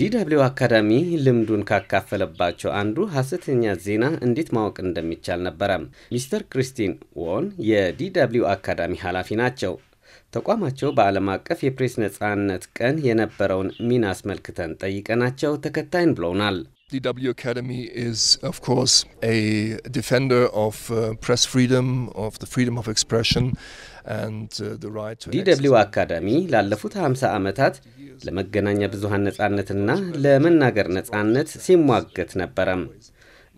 ዲደብሊው አካዳሚ ልምዱን ካካፈለባቸው አንዱ ሀሰተኛ ዜና እንዴት ማወቅ እንደሚቻል ነበረ። ሚስተር ክሪስቲን ዎን የዲደብሊው አካዳሚ ኃላፊ ናቸው። ተቋማቸው በዓለም አቀፍ የፕሬስ ነጻነት ቀን የነበረውን ሚና አስመልክተን ጠይቀናቸው ተከታይን ብለውናል። DW Academy is, of course, a defender of uh, press freedom, of the freedom of expression and uh, the right to... DW Academy ላለፉት 50 ዓመታት ለመገናኛ ብዙሃን ነጻነትና ለመናገር ነጻነት ሲሟገት ነበረም።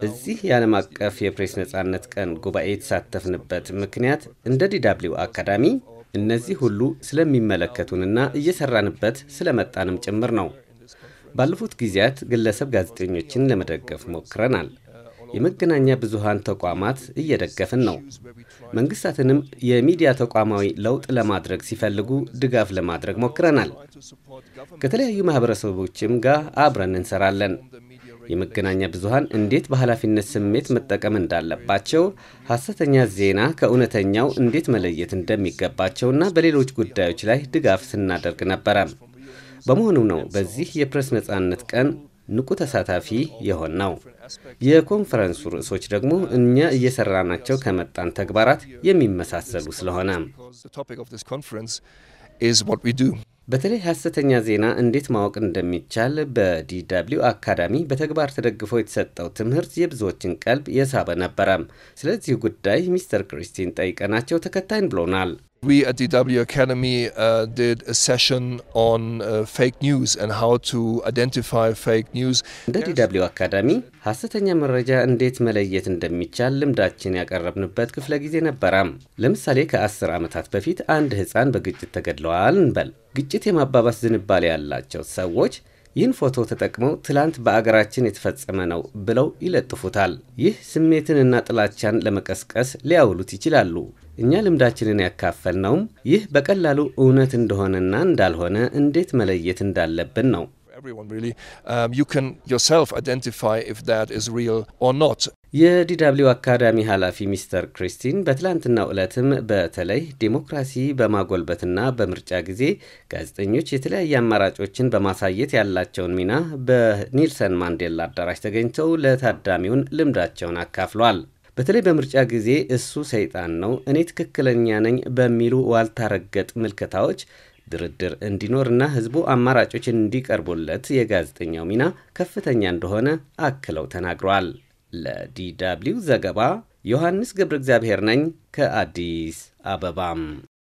እዚህ የዓለም አቀፍ የፕሬስ ነጻነት ቀን ጉባኤ የተሳተፍንበት ምክንያት እንደ ዲዳብሊው አካዳሚ እነዚህ ሁሉ ስለሚመለከቱንና እየሰራንበት ስለመጣንም ጭምር ነው። ባለፉት ጊዜያት ግለሰብ ጋዜጠኞችን ለመደገፍ ሞክረናል። የመገናኛ ብዙሃን ተቋማት እየደገፍን ነው። መንግስታትንም የሚዲያ ተቋማዊ ለውጥ ለማድረግ ሲፈልጉ ድጋፍ ለማድረግ ሞክረናል። ከተለያዩ ማህበረሰቦችም ጋር አብረን እንሰራለን። የመገናኛ ብዙሃን እንዴት በኃላፊነት ስሜት መጠቀም እንዳለባቸው፣ ሐሰተኛ ዜና ከእውነተኛው እንዴት መለየት እንደሚገባቸውና በሌሎች ጉዳዮች ላይ ድጋፍ ስናደርግ ነበረ። በመሆኑም ነው በዚህ የፕሬስ ነጻነት ቀን ንቁ ተሳታፊ የሆን ነው። የኮንፈረንሱ ርዕሶች ደግሞ እኛ እየሰራናቸው ከመጣን ተግባራት የሚመሳሰሉ ስለሆነ በተለይ ሐሰተኛ ዜና እንዴት ማወቅ እንደሚቻል በዲደብሊው አካዳሚ በተግባር ተደግፎ የተሰጠው ትምህርት የብዙዎችን ቀልብ የሳበ ነበረም። ስለዚህ ጉዳይ ሚስተር ክሪስቲን ጠይቀናቸው ተከታይን ብሎናል። እንደ ዲደብሊው አካዳሚ ሐሰተኛ መረጃ እንዴት መለየት እንደሚቻል ልምዳችን ያቀረብንበት ክፍለ ጊዜ ነበረም። ለምሳሌ ከአስር ዓመታት በፊት አንድ ሕፃን በግጭት ተገድለዋል እንበል ግጭት የማባባስ ዝንባሌ ያላቸው ሰዎች ይህን ፎቶ ተጠቅመው ትላንት በአገራችን የተፈጸመ ነው ብለው ይለጥፉታል። ይህ ስሜትንና ጥላቻን ለመቀስቀስ ሊያውሉት ይችላሉ። እኛ ልምዳችንን ያካፈልነውም ይህ በቀላሉ እውነት እንደሆነና እንዳልሆነ እንዴት መለየት እንዳለብን ነው። everyone really, um, you can yourself identify if that is real or not. የዲደብሊው አካዳሚ ኃላፊ ሚስተር ክሪስቲን በትላንትናው ዕለትም በተለይ ዴሞክራሲ በማጎልበትና በምርጫ ጊዜ ጋዜጠኞች የተለያየ አማራጮችን በማሳየት ያላቸውን ሚና በኒልሰን ማንዴላ አዳራሽ ተገኝተው ለታዳሚውን ልምዳቸውን አካፍሏል። በተለይ በምርጫ ጊዜ እሱ ሰይጣን ነው፣ እኔ ትክክለኛ ነኝ በሚሉ ዋልታረገጥ ምልከታዎች ድርድር እንዲኖርና ህዝቡ አማራጮችን እንዲቀርቡለት የጋዜጠኛው ሚና ከፍተኛ እንደሆነ አክለው ተናግሯል። ለዲደብሊው ዘገባ ዮሐንስ ገብረ እግዚአብሔር ነኝ ከአዲስ አበባም